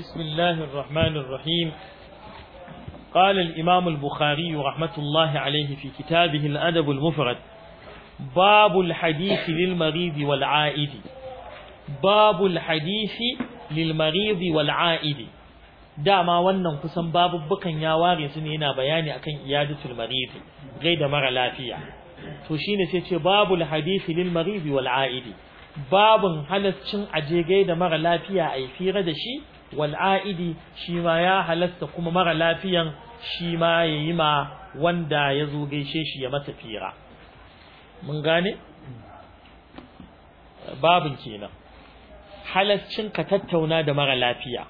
بسم الله الرحمن الرحيم قال الإمام البخاري رحمة الله عليه في كتابه الأدب المفرد باب الحديث للمريض والعائد باب الحديث للمريض والعائد dama wannan kusan babubbukan ya ware su ne yana bayani akan iyadatul marid gai da mara lafiya to shine sai ce babul hadisi lil marid wal aidi babun halarcin aje gai da mara lafiya ai fira da shi wal'a'idi shi ma ya halasta kuma mara lafiyan shi ma ya yi ma wanda ya zo gaishe shi ya masa fira mun gane babin kenan halaccin ka tattauna da mara lafiya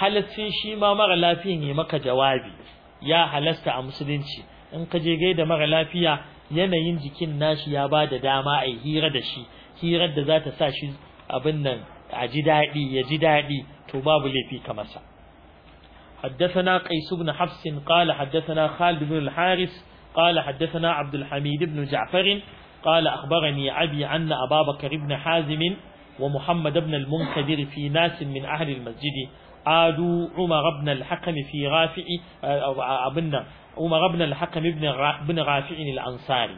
halaccin shi ma mara lafiyan ya maka jawabi ya halasta a musulunci in ka je gaida mara lafiya yanayin jikin nashi ya ba da dama a hira da shi hirar da za ta sa shi abin nan a ji daɗi ya ji daɗi to babu laifi ka حدثنا قيس بن حفص قال حدثنا خالد بن الحارث قال حدثنا عبد الحميد بن جعفر قال أخبرني أبي عن أبا بكر بن حازم ومحمد بن المنكدر في ناس من أهل المسجد عادوا عمر بن الحكم في رافع آه، ابن عمر بن الحكم بن رافع الأنصاري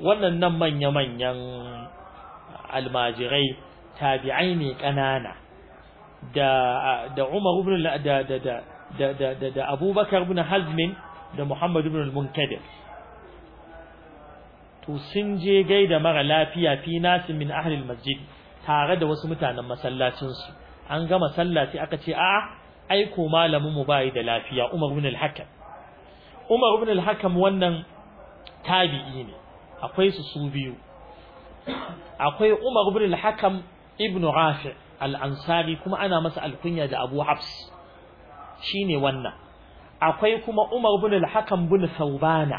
وانا نمان يمان manyan almajirai تابعيني ne da Umar ibn da da da da da da Abubakar ibn Hazm da Muhammad ibn al-Munkadir to sun je gaida mara lafiya fi nasin min ahli al-masjid tare da wasu mutanen masallacin su an gama sallah aka ce a aiko malamin mu bai da lafiya Umar ibn al-Hakam Umar ibn al-Hakam wannan tabi'i ne akwai su su biyu akwai Umar ibn al-Hakam ibn Rafi' al-ansari kuma ana masa alkunya da abu hafs shine wannan akwai kuma umar bin Hakan hakam bin saubana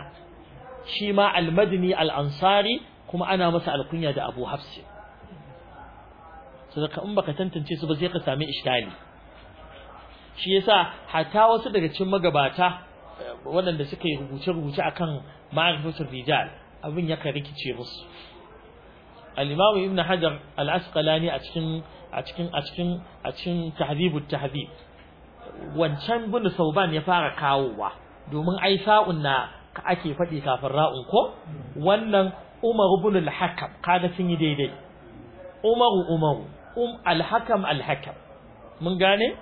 shi ma al al'ansari kuma ana masa alkunya da abu hafs saboda in baka tantance su ba sai ka sami iskali shi yasa hatta wasu daga cikin magabata waɗanda suka yi rubuce-rubuce akan ma'rifatul rijal abin ya rikice musu al-imam ibn hajar al-asqalani a cikin a cikin a cikin a cikin tahdhibut tahdhib wancan bin sauban ya fara kawowa domin ai sa'un na ake faɗi kafin ra'un ko wannan Umar ibn al-Hakam kaga sun yi daidai Umar Umar um al-Hakam al-Hakam mun gane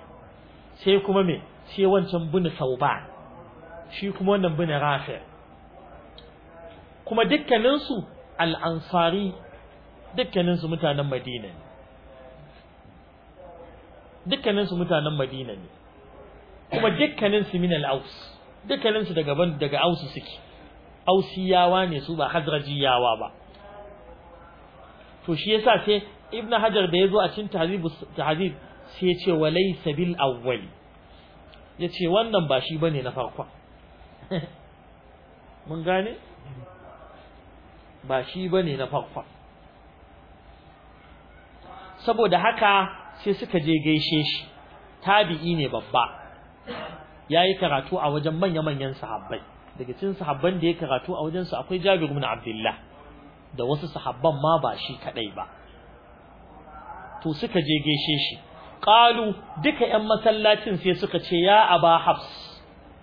sai kuma me sai wancan bin sauban shi kuma wannan bin Rafi kuma dukkaninsu al-Ansari dukkaninsu mutanen Madina ne dukkanin su mutanen Madina ne kuma dukkanin su min al-Aus dukkanin su daga daga Aus suke Ausiyawa ne su ba Hazrajiyawa ba to shi yasa sai Ibn Hajar da yazo a cikin Tahzib Tahzib sai ya ce walaysa bil awwali yace wannan ba shi bane na farko mun gane ba shi bane na farko saboda haka sai suka je gaishe shi tabi'i ne babba yayi karatu a wajen manya-manyan sahabbai daga cikin sahabban da ya karatu a wajen su akwai Jabir ibn Abdullah da wasu sahabban ma ba shi kadai ba to suka je gaishe shi qalu duka ƴan masallacin sai suka ce ya aba hafs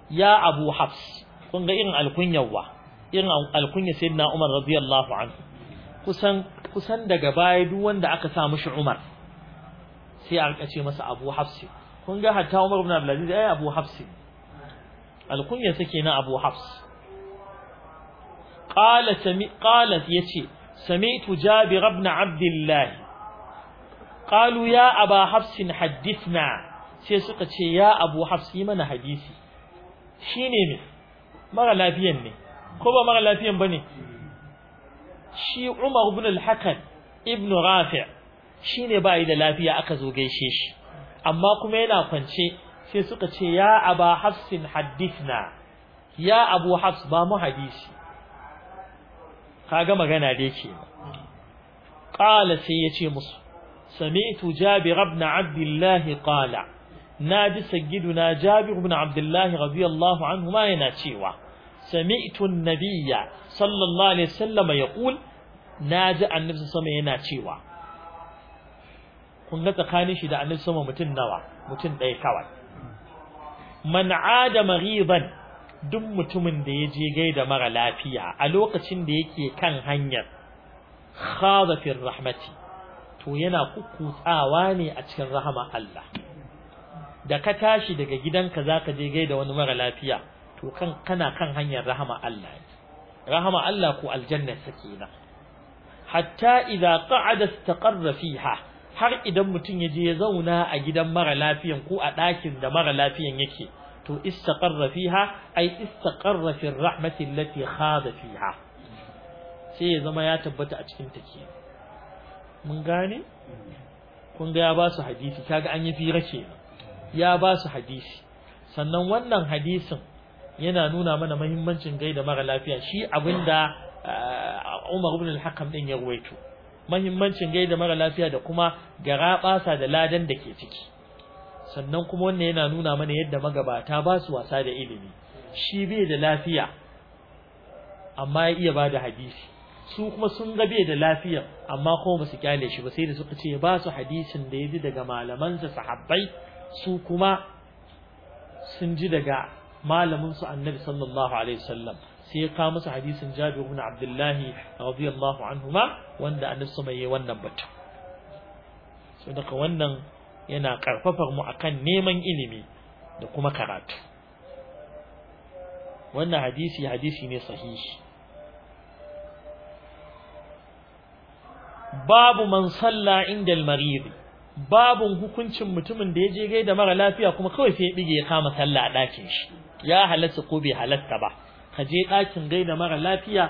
ya abu hafs kun ga irin alkunyawa irin alkunya sayyidina Umar radiyallahu anhu kusan kusan daga baya duk wanda aka sa mishi Umar sai a rika ce masa Abu Hafs kun ga hatta Umar ibn Abdul Aziz ai Abu Hafs alkunya take na Abu Hafs qala sami qalat yace sami'tu Jabir ibn Abdullah qalu ya Aba Hafs hadithna sai suka ce ya Abu Hafs yi mana hadisi shine ne mara lafiyan ne ko ba mara lafiyan bane shi Umar ibn al-Hakam ibn Rafi' Shi ne ba yi da lafiya aka zo gaishe shi amma kuma yana kwance sai suka ce ya aba hafsin hadithna ya abu hafs ba mu hadisi kaga magana da yake qala sai ya ce musu sami'tu jabir ibn abdullah qala naji sayyiduna jabir ibn abdullah radiyallahu anhu ma yana cewa sami'tu an-nabiyya sallallahu alaihi wasallam yaqul naji annabi sallallahu alaihi wasallam yana cewa kun ga tsakanin shi da annabi sama mutum nawa mutun ɗaya kawai man ada maghiban duk mutumin da ya je gaida mara lafiya a lokacin da yake kan hanyar khada fi rahmati to yana kukkutsawa ne a cikin rahama Allah da ka tashi daga gidanka zaka je gaida wani mara lafiya to kan kana kan hanyar rahama Allah rahama Allah ko aljanna sakina hatta idza qa'ada istaqarra fiha har idan mutum ya je ya zauna a gidan mara lafiyan ko a ɗakin da mara lafiyan yake to istaqarra fiha ay istaqarra fi rahmati allati khada fiha sai ya zama ya tabbata a cikin take mun gane kun ga ya ba su hadisi kaga an yi fira kenan ya ba su hadisi sannan wannan hadisin yana nuna mana muhimmancin gaida mara lafiya shi abinda eh, Umar ibn al-Hakam din ya ruwaito mahimmancin gaida mara lafiya da kuma garaɓasa da ladan da ke ciki sannan kuma wannan yana nuna mana yadda magabata ba su wasa da ilimi shi bai da lafiya amma ya iya bada hadisi su kuma sun ga bai da lafiya amma kuma ba su kyale shi ba sai da suka ce ba su hadisin da ya ji daga malamansa sahabbai su kuma sun ji daga malamin su annabi sallallahu alaihi wasallam sai ka masa hadisin Jabir ibn Abdullah radiyallahu anhuma wanda annabi sama yayi wannan batun. Sai daga wannan yana karfafar mu akan neman ilimi da kuma karatu wannan hadisi hadisi ne sahihi babu man salla inda al-marid babun hukuncin mutumin da yaje gaida mara lafiya kuma kawai sai ya bige ya kama sallah a dakin shi ya halatta ko bai halatta ba ka je ɗakin gaida mara lafiya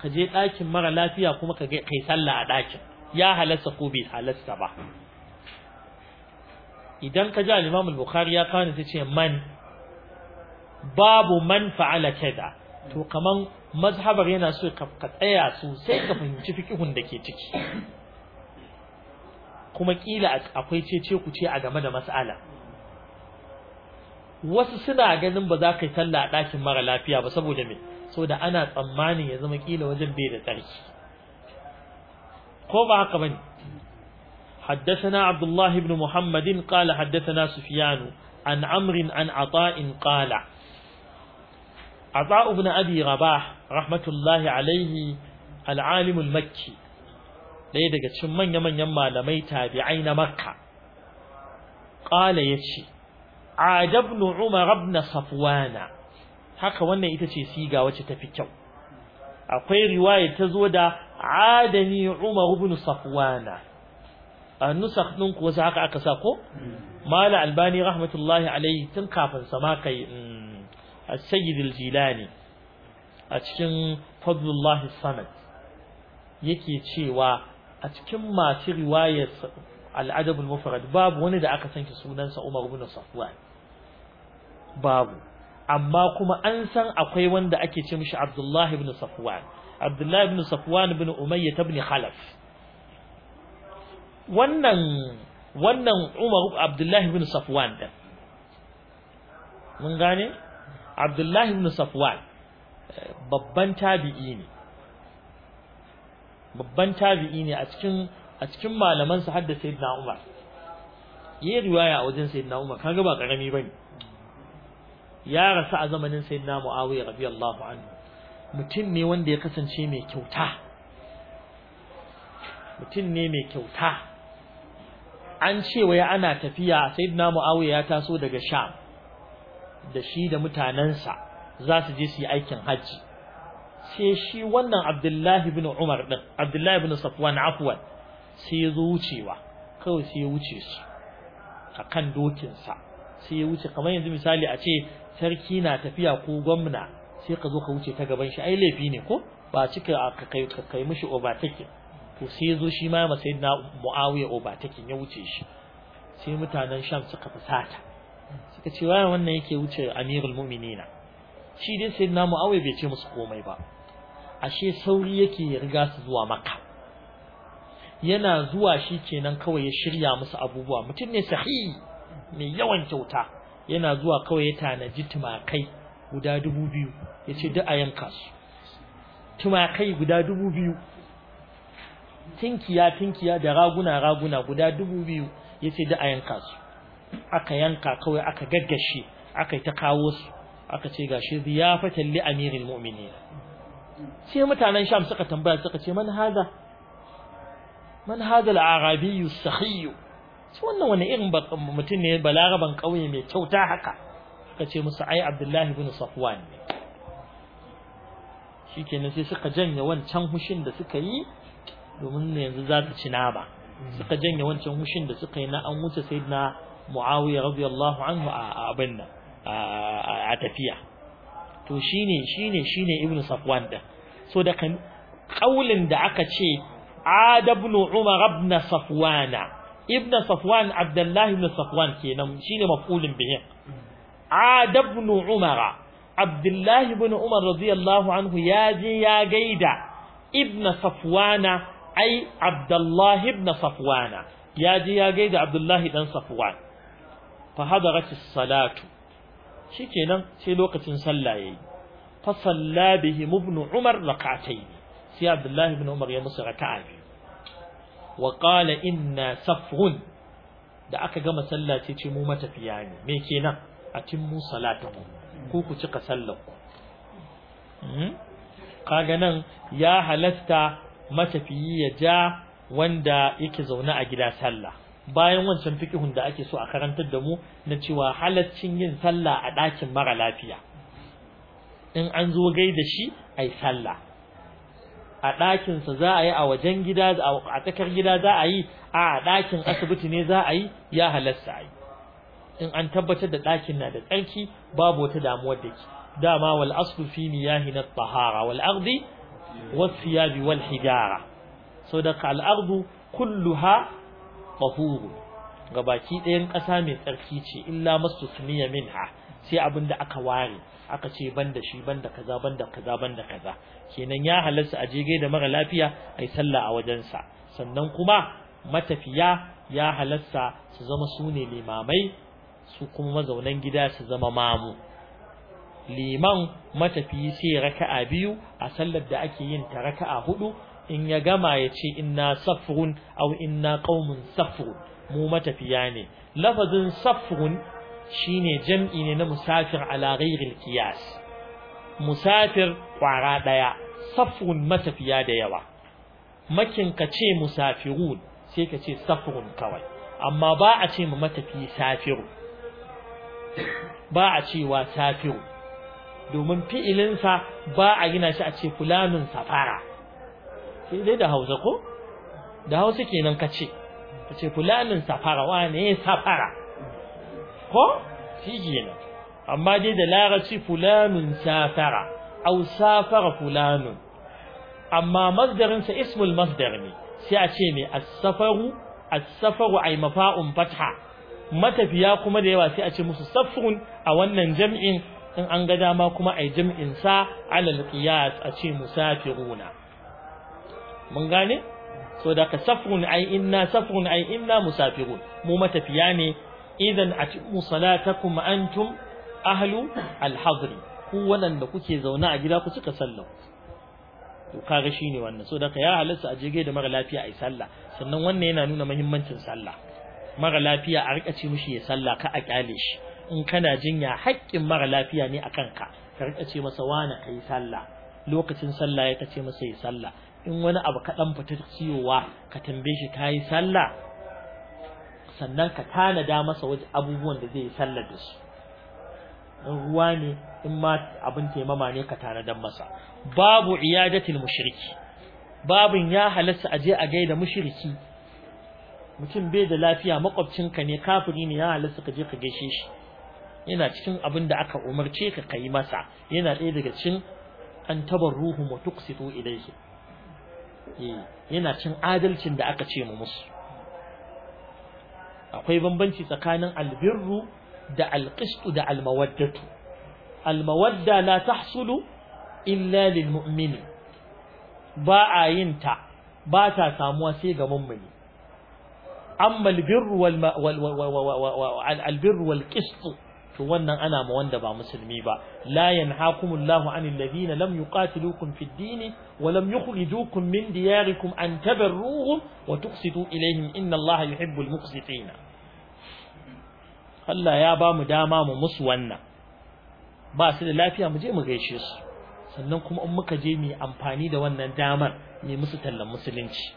ka je ɗakin mara lafiya kuma ka kai sallah a ɗakin ya halasta ko bai halasta ba idan ka ji al'imam al-Bukhari ya kawo ta ce man babu man fa'ala kada to kaman mazhabar yana so ka tsaya sosai ka fahimci fiqhun da ke ciki kuma kila akwai ce-ce ku ce a game da mas'ala wasu suna ganin ba za ka yi talla a ɗakin mara lafiya ba saboda me saboda ana tsammanin ya zama kila wajen bai da tsarki ko ba haka bane حدثنا عبد الله بن محمد قال حدثنا سفيان عن عمرو عن عطاء قال عطاء بن أبي رباح رحمة الله عليه العالم المكي ɗaya daga cikin manya-manyan malamai tabi'ai na makka ƙala ya ce ajabnu umar ibn safwana haka wannan ita ce siga wacce tafi kyau akwai riwaya ta zo da adani umar ibn safwana a nusakh din ku wasu haka aka sa ko mala albani rahmatullahi alayhi tun kafin sa ma kai mm, as-sayyid al-jilani a cikin fadlullahi samad yake cewa a cikin masu riwayar al-adab al-mufrad babu wani da aka san sunansa Umar ibn Safwan babu amma kuma an san akwai wanda ake ce mishi Abdullah ibn Safwan Abdullah ibn Safwan ibn Umayyah ibn Khalaf wannan wannan Umar Abdullah ibn Safwan din mun gane Abdullah ibn Safwan babban tabi'i ne babban tabi'i ne a cikin a cikin malaman sa hadda sayyidina Umar yayi riwaya a wajen sayyidina Umar kaga ba karami bane ya rasu a zamanin sayyidina Muawiya radiyallahu anhu mutum ne wanda ya kasance mai kyauta mutum ne mai kyauta an ce waya ana tafiya sayyidina Muawiya ya taso daga Sham da shi da mutanansa za su je su yi aikin hajji sai shi wannan Abdullahi ibn Umar din Abdullahi ibn Safwan afwan sai ya zo wucewa kawai sai ya wuce su a kan dokinsa sai ya wuce kamar yanzu misali a ce sarki na tafiya ko gwamna sai ka zo ka wuce ta gaban shi ai laifi ne ko ba cika ka kai ka kai mishi overtaking to sai ya zo shi ma ma sai na muawiya obatakin ya wuce shi sai mutanen sham suka fasata suka ce wai wannan yake wuce amirul mu'minina shi dai sayyidina muawiya bai ce musu komai ba ashe sauri yake riga su zuwa makka yana zuwa shi kenan kawai ya shirya musu abubuwa mutum ne sahihi mai yawan kyauta yana zuwa kawai ya tanaji tumakai guda dubu biyu ya ce duk a yanka su tumakai guda dubu biyu tinkiya tinkiya da raguna raguna guda dubu biyu ya ce duk a yanka su aka yanka kawai aka gaggashe aka yi ta kawo su aka ce gashi ziyafatan li amiril mu'minin sai mutanen sham suka tambaya suka ce man hada man hadal arabi sakhiyu su wannan wani irin mutum ne balaraban kauye mai kyauta haka Aka ce musu ai abdullahi ibn safwan ne shikenan sai suka janye wancan hushin da suka yi domin yanzu za ta cina ba. suka janye wancan hushin da suka yi na an wuce sayyidina muawiya radiyallahu anhu a abin nan a tafiya to shine shine shine ibn safwan din so da kan kaulin da aka ce عاد ابن عمر ابن صفوان ابن صفوان عبد الله ابن صفوان كينم شيني مفعول به عاد ابن عمر عبد الله بن عمر رضي الله عنه ياجي يا جيدا ابن صفوان أي عبد الله ابن صفوان ياجي يا جيدا عبد الله بن صفوان فحضرت الصلاة شكينا شي لوقت صلى فصلى بهم ابن عمر ركعتين sai Abdullahi bin Umar ya musu raka'a biyu wa qala inna safrun da aka gama sallah ce ce mu matafiya ne me kenan atimmu salatu, ku ku cika sallar ku hmm? kaga nan ya halasta matafiyi ya ja wanda yake zaune a gida sallah bayan wancan fikihun da ake so a karantar da mu na cewa halaccin yin sallah a ɗakin mara lafiya in an zo gaida shi ai sallah a ɗakinsa za a yi a wajen gida a tsakar gida za a yi a ɗakin asibiti ne za a yi ya halasta a yi in an tabbatar da ɗakin na da tsarki babu wata damuwar da ke dama wal aslu fi miyahi na tahara wal ardi was bi wal hijara so da al ardu kulluha tahuru gabaki ɗayan ƙasa mai tsarki ce illa masu min ha. sai abin da aka ware aka ce banda shi banda kaza banda kaza banda kaza kenan ya halarsa a je da mara lafiya ai sallah a wajensa sannan kuma matafiya ya halarsa su zama sune limamai su kuma mazaunan gida su zama mamu liman matafiyi sai raka'a biyu a sallar da ake yin ta raka'a hudu in ya gama ya ce inna safrun aw inna qaumun safrun mu matafiya ne lafazin safrun Shi ne jam'i ne na musafir a ghairil kiyas. musafir ƙwara ɗaya, safrun matafiya da yawa makin ka ce musafirun sai ka ce safrun kawai amma ba a ce mu matafi safiru ba a cewa safiru domin fi'ilinsa ba a gina shi a ce fulanin safara sai dai da hausa ko da hausa kenan ka ce ka ce fulanin safara wane safara ko shi kenan amma dai da laraci fulanun safara aw safara fulanun amma masdarin sa ismul masdar ne sai a ce ne as-safaru as-safaru ay mafa'un fatha matafiya kuma da yawa sai a ce musu safrun a wannan jam'in in an ga dama kuma ay jam'in sa alal qiyas a ce musafiruna mun gane so da ka safrun ay inna safrun ay inna musafirun mu matafiya ne idan atimmu salatakum antum ahlu al-hadri ku da kuke zaune a gida ku cika sallah to kaga shine wannan so daga ya halarta a jege da mara lafiya ai sallah sannan wannan yana nuna muhimmancin sallah mara lafiya a rika ce mishi ya sallah ka a kyale shi in kana jinya haƙƙin mara lafiya ne akan ka ka rika ce masa wani kai sallah lokacin sallah ya kace masa ya sallah in wani abu kaɗan fita ciwowa ka tambaye shi kayi sallah sannan ka tanada masa waje abubuwan da zai sallar da su in ruwa ne in ma abin taimama ne ka tanadan masa babu iyadatil mushriki babin ya halatta a je a gaida mushriki mutum bai da lafiya makwabcinka ne kafiri ne ya halatta ka je ka gaishe shi yana cikin abin da aka umarce ka kai masa yana ɗaya daga cikin an tabar ruhu mu tuksitu ilaihi eh, yana cin adalcin da aka ce mu musu akwai bambanci tsakanin albirru da alqist da almawaddatu almawadda la tahsulu illa lil mu'mini ba a yin ta ba ta samuwa sai ga mummuni amma albirru wal albirru wal to wannan ana ma wanda ba musulmi ba la yanhaakumullahu anil ladina lam yuqatilukum fid din wa lam yukhrijukum min diyarikum an tabarruhum wa tuqsitu ilayhim inna yuhibbul muqsitin Allah ya ba mu dama mu musu wannan ba su da lafiya mu je mu gaishe su sannan kuma in muka je mu amfani da wannan damar mu musu tallan musulunci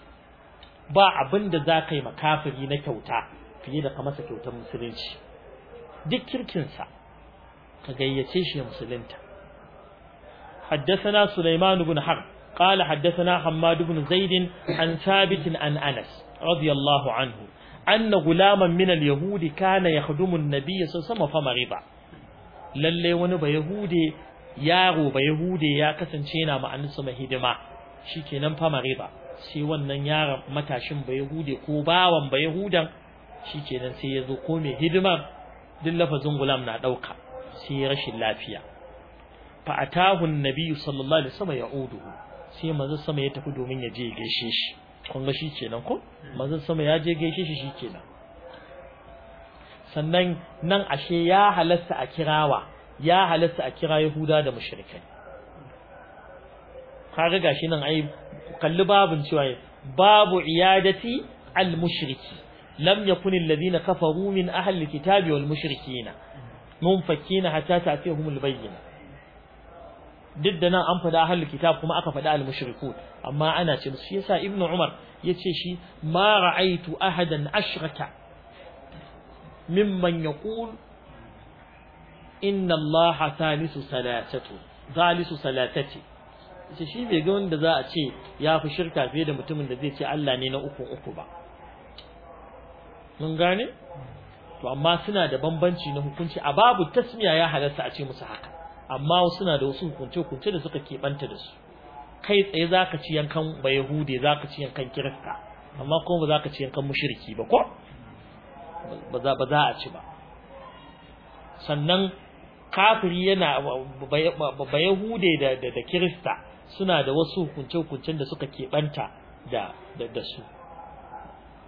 ba abin da za ka yi makafiri na kyauta fiye da ka masa kyautar musulunci duk kirkinsa ka gayyace shi ya musulunta haddathana sulaiman ibn har qala haddathana hammad ibn zaid an thabit an anas radiyallahu anhu anna gulaman min al yahud kana yakhdumu an nabiy sallallahu alaihi wasallam lalle wani ba yahude yaro ba yahude ya kasance yana ma annisu mahidima shikenan fa mariba sai wannan yaron matashin ba yahude ko bawan ba yahudan shikenan sai ya zo ko mai hidimar duk lafazin gulam na dauka sai rashin lafiya fa atahu annabi sallallahu alaihi wasallam ya'uduhu sai manzon sama ya tafi domin ya je gaishe shi kun ga shi kenan ko manzon sama ya je gaishe shi shikenan sannan nan ashe ya halasta a kirawa ya halasta a kira yahuda da mushrikai ga gashi nan ai kalli babun cewa babu iyadati al mushriki lam yakun alladhina kafaru min ahli alkitabi wal mushrikina munfakina hatta ta'tihum albayyina duk da nan an fada ahli alkitab kuma aka fada almushrikun amma ana ce shi yasa ibnu umar yace shi ma ra'aitu ahadan ashraka mimman yaqul inna allaha thalithu salatatu thalithu salatati shi bai ga wanda za a ce ya fi shirka fiye da mutumin da zai ce Allah ne na uku uku ba mun gane to amma suna da bambanci na hukunci a babu tasmiya ya halarta a ce musu haka amma suna da wasu hukunce hukunce da suka keɓanta da su kai tsaye zaka ci yankan bayahude zaka ci yankan kirista amma kuma ba zaka ci yankan mushriki ba ko ba za ba za a ci ba sannan kafiri yana bayahude da da kirista suna da wasu hukunce hukuncen da suka keɓanta da da su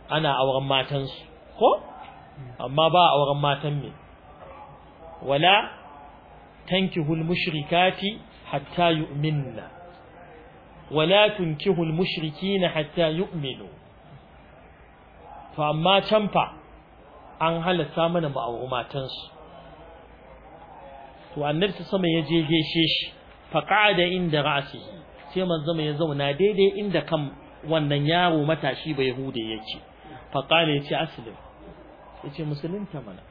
ana auren matansu ko amma ba auren matan me wala tankihul mushrikati hatta yu'minna wala tunkihul mushrikina hatta yu'minu to amma can fa an halatta mana mu matansu to annabi sama ya je gaishe shi fa qa'ada inda ra'sihi sai manzo ya zauna daidai inda kan wannan yaro matashi bai hude yake faƙala ya ce aslim ya ce musulunta mana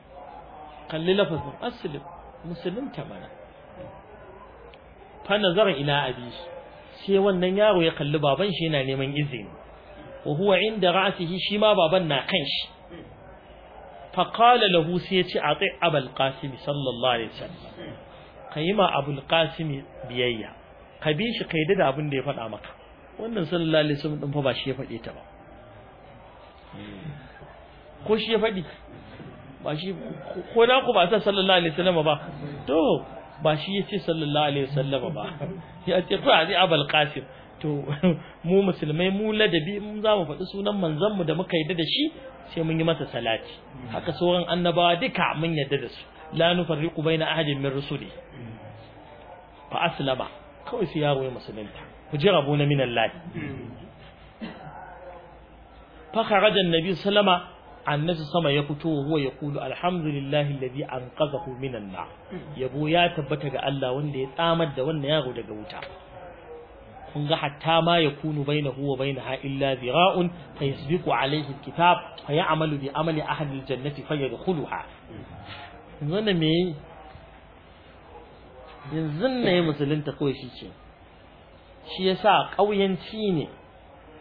kalli lafazin aslim musulunta mana fa nazara ila abi sai wannan yaro ya kalli baban shi yana neman izini wa huwa inda ra'sihi shi ma baban na kan shi fa qala lahu sai ya ce ati abul qasim sallallahu alaihi wasallam ma abul qasim biyayya ka bi shi kaida da abin da ya faɗa maka wannan sallallahu alaihi wasallam din fa ba shi ya faɗe ta ba ko shi ya faɗi ba shi ko na ku ba sa sallallahu alaihi wasallam ba to ba shi ya ce sallallahu alaihi wasallam ba ya ce to azi abul qasim to mu musulmai mu ladabi mun za mu faɗi sunan manzon mu da muka yadda da shi sai mun yi masa salati haka sauran annabawa duka mun yadda da su la nufarriqu baina ahadin min rusuli fa aslama kawai sai yaro ya musulunta ku jira na min Allah فخرج النبي صلى الله عليه وسلم annabi sama ya fito huwa ya kulu alhamdulillahi alladhi anqadhahu minan nar yabo ya tabbata ga Allah wanda ya tsamar da wannan yaro daga wuta kun ga hatta ma ya kunu bainahu wa bainaha illa zira'un fa yasbiqu alayhi alkitab fa ya'malu bi amali ahli aljannati fa yadkhuluha wannan me yanzu ne musulunta kawai shi ce shi yasa ƙauyanci ne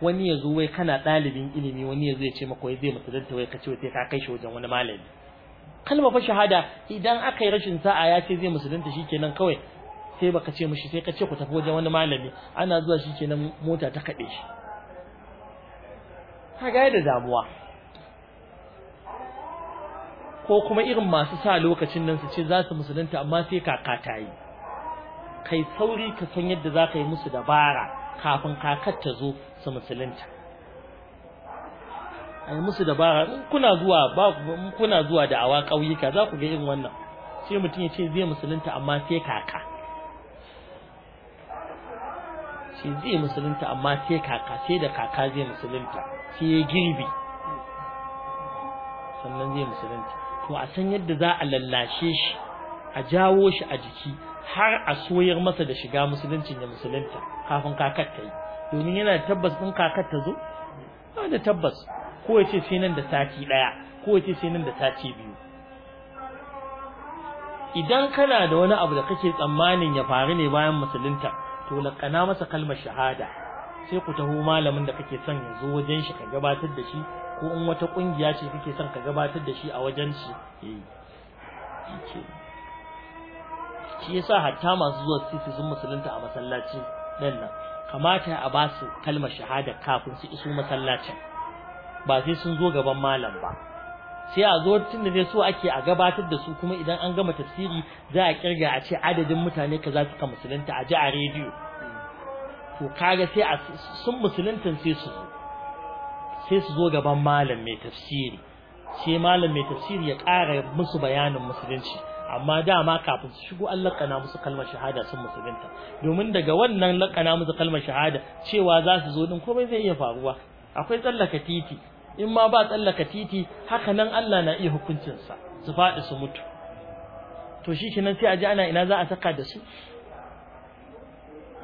wani ya zo wai kana ɗalibin ilimi wani ya zo ya ce maka wai zai musulunta wai ka ce ka kai shi wajen wani malami kalma fa shahada idan aka yi rashin sa'a ya ce zai shi kenan kawai sai baka ce mishi sai ka ce ku tafi wajen wani malami ana zuwa shi kenan mota ta kaɗe shi ga da damuwa ko kuma irin masu sa lokacin nan su ce za su musulunta amma sai kaka ta yi kai sauri ka san yadda za ka yi musu dabara kafin kakar ta zo su musulunta ai musu dabara kuna zuwa ba kuna zuwa da awa kauyuka za ku ga irin wannan sai mutum ya ce zai musulunta amma sai kaka shi zai musulunta amma sai kaka sai da kaka zai musulunta sai ya girbi sannan zai musulunta to a san yadda za a lallashe shi a jawo shi a jiki har a soyar masa da shiga musulunci ne musulunta kafin kakar ta yi domin yana da tabbas ɗin kakar ta zo ba da tabbas ko ya ce sai nan da sati ɗaya ko ya ce sai nan da sati biyu idan kana da wani abu da kake tsammanin ya faru ne bayan musulunta to laƙana masa kalmar shahada sai ku taho malamin da kake son ya zo wajen shi ka gabatar da shi ko in wata ƙungiya ce kake son ka gabatar da shi a wajen shi eh, shi yasa hatta masu zuwa sisi sun musulunta a masallaci nan nan kamata a ba su kalmar shahada kafin su iso masallacin ba sai sun zo gaban malam ba sai a zo tun da dai so ake a gabatar da su kuma idan an gama tafsiri za a kirga a ce adadin mutane kaza suka musulunta a ji a rediyo to kaga sai a sun musuluntan sai su sai su zo gaban malam mai tafsiri sai malam mai tafsiri ya ƙara musu bayanin musulunci amma dama kafin su shigo an laƙana musu kalmar shahada sun musulunta domin daga wannan laƙana musu kalmar shahada cewa za su zo din komai zai iya faruwa akwai tsallaka titi in ma ba tsallaka titi haka nan Allah na iya hukuncinsa su faɗi su mutu to shi kenan sai a ji ana ina za a saka da su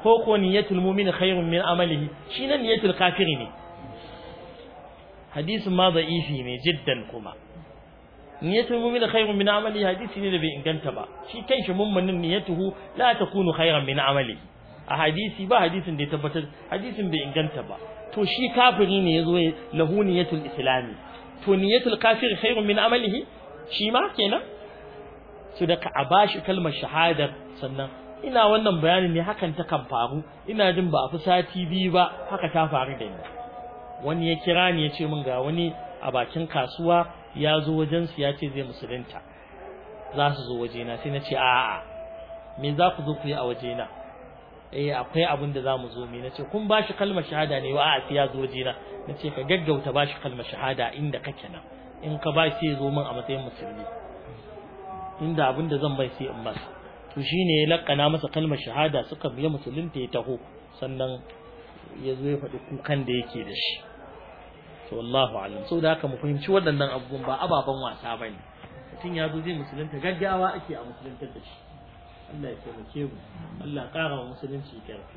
ko ko niyyatul mu'min khairun min amalihi shi nan niyyatul kafiri ne hadisin ma da'ifi ne jiddan kuma niyatul mu'min khairun min amali hadisi ne da bai inganta ba shi kanshi mu'minin niyatuhu la takunu khairan min amali a hadisi ba hadisin da ya tabbatar hadisin bai inganta ba to shi kafiri ne yazo lahu niyatul islami to niyatul kafir khairun min amalihi shi ma kenan su da ka bashi kalmar shahada sannan ina wannan bayanin ne hakan ta kan faru ina jin ba a fi sati biyu ba haka ta faru da ni wani ya kira ni ya ce min ga wani a bakin kasuwa ya zo wajen su ya ce zai musulunta za su zo wajena sai na ce a'a me za ku zo ku yi a wajena eh akwai abin da zamu zo me nace kun bashi kalmar shahada ne wa a'a sai ya zo wajena nace ka gaggauta bashi kalmar shahada inda kake nan in ka ba shi zo min a matsayin musulmi inda abin da zan bai sai in masa to shine ya lakkana masa kalmar shahada suka biya musulunta ya taho sannan ya zo ya faɗi kukan da yake da shi to wallahu alam da haka mu fahimci waɗannan abubuwan ba ababen wasa bane mutum ya zo zai musulunta gaggawa ake a musuluntar da shi Allah ya taimake mu Allah ƙara wa musulunci ƙarfi